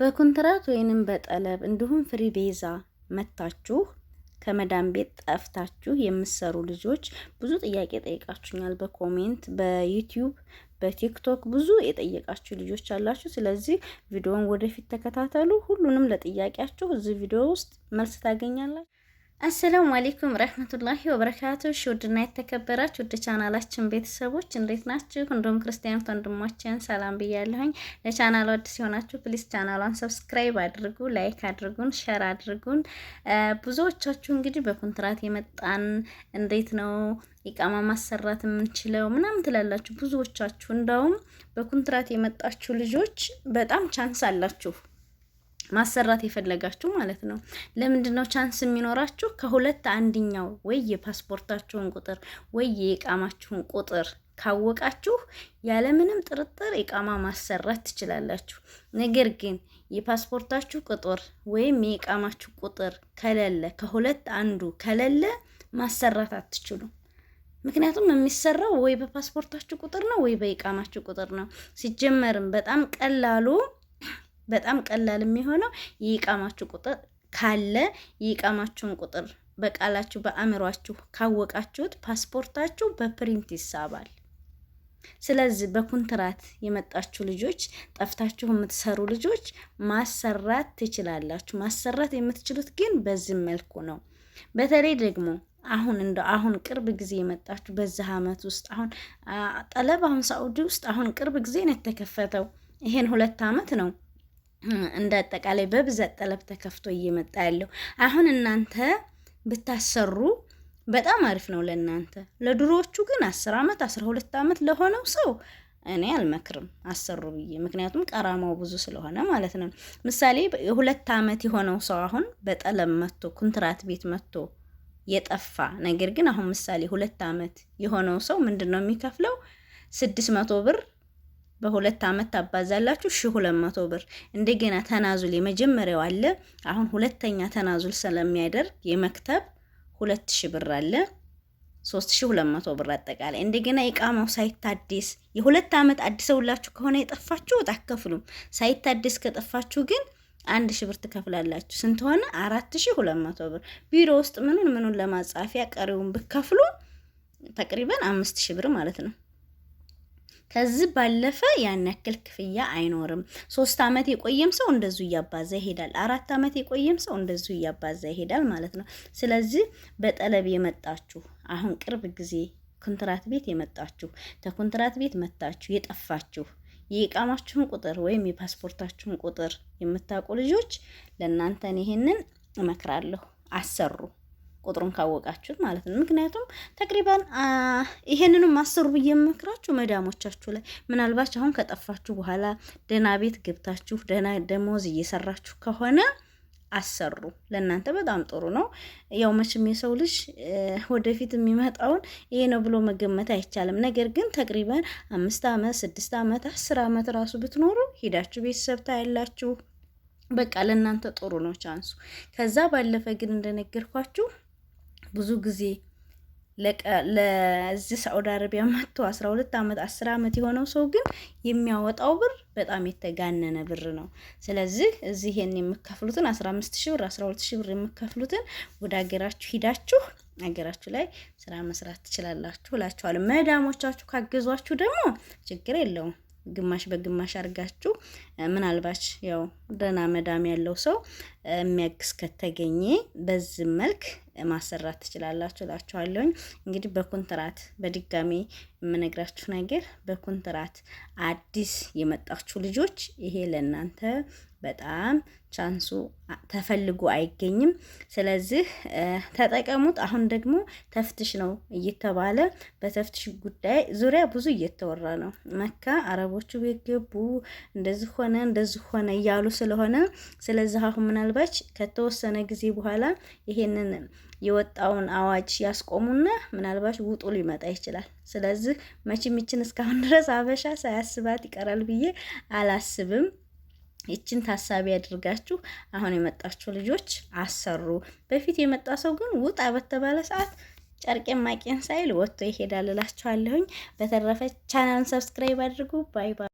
በኮንትራት ወይንም በጠለብ እንዲሁም ፍሪ ቤዛ መታችሁ ከመዳን ቤት ጠፍታችሁ የምሰሩ ልጆች ብዙ ጥያቄ ጠይቃችሁኛል። በኮሜንት በዩቲዩብ በቲክቶክ ብዙ የጠየቃችሁ ልጆች አላችሁ። ስለዚህ ቪዲዮውን ወደፊት ተከታተሉ። ሁሉንም ለጥያቄያችሁ እዚህ ቪዲዮ ውስጥ መልስ ታገኛላችሁ። አሰላሙ አሌይኩም ረህመቱላሂ ወበረካቱ። ውድና የተከበራችሁ ውድ ቻናላችን ቤተሰቦች እንዴት ናችሁ? እንዲሁም ክርስቲያኖች ወንድሞችን ሰላም ብያለሁኝ። ለቻናል ወድ ሲሆናችሁ ፕሊስ ቻናሏን ሰብስክራይብ አድርጉ፣ ላይክ አድርጉን፣ ሸር አድርጉን። ብዙዎቻችሁ እንግዲህ በኮንትራት የመጣን እንዴት ነው ኢቃማ ማሰራት የምንችለው ምናምን ትላላችሁ። ብዙዎቻችሁ እንደውም በኮንትራት የመጣችሁ ልጆች በጣም ቻንስ አላችሁ ማሰራት የፈለጋችሁ ማለት ነው። ለምንድን ነው ቻንስ የሚኖራችሁ? ከሁለት አንድኛው ወይ የፓስፖርታችሁን ቁጥር ወይ የኢቃማችሁን ቁጥር ካወቃችሁ ያለምንም ጥርጥር ኢቃማ ማሰራት ትችላላችሁ። ነገር ግን የፓስፖርታችሁ ቁጥር ወይም የቃማችሁ ቁጥር ከሌለ ከሁለት አንዱ ከሌለ ማሰራት አትችሉ። ምክንያቱም የሚሰራው ወይ በፓስፖርታችሁ ቁጥር ነው ወይ በቃማችሁ ቁጥር ነው። ሲጀመርም በጣም ቀላሉ በጣም ቀላል የሚሆነው የኢቃማችሁ ቁጥር ካለ የኢቃማችሁን ቁጥር በቃላችሁ በአእምሯችሁ ካወቃችሁት ፓስፖርታችሁ በፕሪንት ይሳባል። ስለዚህ በኩንትራት የመጣችሁ ልጆች፣ ጠፍታችሁ የምትሰሩ ልጆች ማሰራት ትችላላችሁ። ማሰራት የምትችሉት ግን በዚህ መልኩ ነው። በተለይ ደግሞ አሁን እንደ አሁን ቅርብ ጊዜ የመጣችሁ በዚህ አመት ውስጥ አሁን ጠለብ አሁን ሳኡዲ ውስጥ አሁን ቅርብ ጊዜ ነው የተከፈተው። ይሄን ሁለት አመት ነው እንደ አጠቃላይ በብዛት ጠለብ ተከፍቶ እየመጣ ያለው አሁን እናንተ ብታሰሩ በጣም አሪፍ ነው ለእናንተ። ለድሮዎቹ ግን አስር ዓመት አስራ ሁለት ዓመት ለሆነው ሰው እኔ አልመክርም አሰሩ ብዬ፣ ምክንያቱም ቀራማው ብዙ ስለሆነ ማለት ነው። ምሳሌ የሁለት ዓመት የሆነው ሰው አሁን በጠለብ መጥቶ ኩንትራት ቤት መጥቶ የጠፋ ነገር ግን አሁን ምሳሌ ሁለት ዓመት የሆነው ሰው ምንድን ነው የሚከፍለው ስድስት መቶ ብር በሁለት አመት ታባዛላችሁ ሺ ሁለት መቶ ብር። እንደገና ተናዙል የመጀመሪያው አለ። አሁን ሁለተኛ ተናዙል ስለሚያደርግ የመክተብ ሁለት ሺ ብር አለ። ሶስት ሺ ሁለት መቶ ብር አጠቃላይ። እንደገና የቃማው ሳይታደስ የሁለት አመት አዲሰውላችሁ ከሆነ የጠፋችሁ ወጥ አከፍሉም። ሳይታደስ ከጠፋችሁ ግን አንድ ሺ ብር ትከፍላላችሁ። ስንት ሆነ? አራት ሺ ሁለት መቶ ብር። ቢሮ ውስጥ ምኑን ምኑን ለማጻፊያ ቀሪውን ብከፍሉ ተቅሪበን አምስት ሺ ብር ማለት ነው። ከዚህ ባለፈ ያን ያክል ክፍያ አይኖርም። ሶስት አመት የቆየም ሰው እንደዙ እያባዛ ይሄዳል። አራት አመት የቆየም ሰው እንደዙ እያባዛ ይሄዳል ማለት ነው። ስለዚህ በጠለብ የመጣችሁ አሁን ቅርብ ጊዜ ኮንትራት ቤት የመጣችሁ ከኮንትራት ቤት መታችሁ የጠፋችሁ የኢቃማችሁን ቁጥር ወይም የፓስፖርታችሁን ቁጥር የምታውቁ ልጆች ለእናንተን ይሄንን እመክራለሁ፣ አሰሩ። ቁጥሩን ካወቃችሁት ማለት ነው። ምክንያቱም ተቅሪባን ይሄንንም አስሩ ብዬ የምመክራችሁ መዳሞቻችሁ ላይ ምናልባች አሁን ከጠፋችሁ በኋላ ደህና ቤት ገብታችሁ ደህና ደሞዝ እየሰራችሁ ከሆነ አሰሩ ለእናንተ በጣም ጥሩ ነው። ያው መቼም የሰው ልጅ ወደፊት የሚመጣውን ይሄ ነው ብሎ መገመት አይቻልም። ነገር ግን ተቅሪበን አምስት ዓመት ስድስት ዓመት አስር ዓመት ራሱ ብትኖሩ ሄዳችሁ ቤተሰብ ታያላችሁ። በቃ ለእናንተ ጥሩ ነው ቻንሱ። ከዛ ባለፈ ግን እንደነገርኳችሁ ብዙ ጊዜ ለዚህ ሳዑዲ አረቢያ መጥቶ አስራ ሁለት ዓመት አስር ዓመት የሆነው ሰው ግን የሚያወጣው ብር በጣም የተጋነነ ብር ነው። ስለዚህ እዚህ ይሄን የምከፍሉትን አስራ አምስት ሺ ብር አስራ ሁለት ሺህ ብር የምከፍሉትን ወደ ሀገራችሁ ሂዳችሁ ሀገራችሁ ላይ ስራ መስራት ትችላላችሁ እላችኋለሁ። መዳሞቻችሁ ካገዟችሁ ደግሞ ችግር የለውም ግማሽ በግማሽ አድርጋችሁ ምናልባች ያው ደህና መዳም ያለው ሰው የሚያግስ ከተገኘ በዚህ መልክ ማሰራት ትችላላችሁ እላችኋለሁኝ። እንግዲህ በኮንትራት በድጋሚ የምነግራችሁ ነገር በኮንትራት አዲስ የመጣችሁ ልጆች ይሄ ለእናንተ በጣም ቻንሱ ተፈልጎ አይገኝም። ስለዚህ ተጠቀሙት። አሁን ደግሞ ተፍትሽ ነው እየተባለ በተፍትሽ ጉዳይ ዙሪያ ብዙ እየተወራ ነው። መካ አረቦቹ ገቡ ። እንደዚህ ሆነ እንደዚህ ሆነ እያሉ ስለሆነ ስለዚህ አሁን ምናልባች ከተወሰነ ጊዜ በኋላ ይሄንን የወጣውን አዋጅ ያስቆሙና ምናልባች ውጡ ሊመጣ ይችላል። ስለዚህ መቼም ይችን እስካሁን ድረስ አበሻ ሳያስባት ይቀራል ብዬ አላስብም። ይችን ታሳቢ ያድርጋችሁ። አሁን የመጣችሁ ልጆች አሰሩ። በፊት የመጣ ሰው ግን ውጣ በተባለ ሰዓት ጨርቄን ማቄን ሳይል ወጥቶ ይሄዳል እላችኋለሁኝ። በተረፈ ቻናልን ሰብስክራይብ አድርጉ። ባይ ባይ።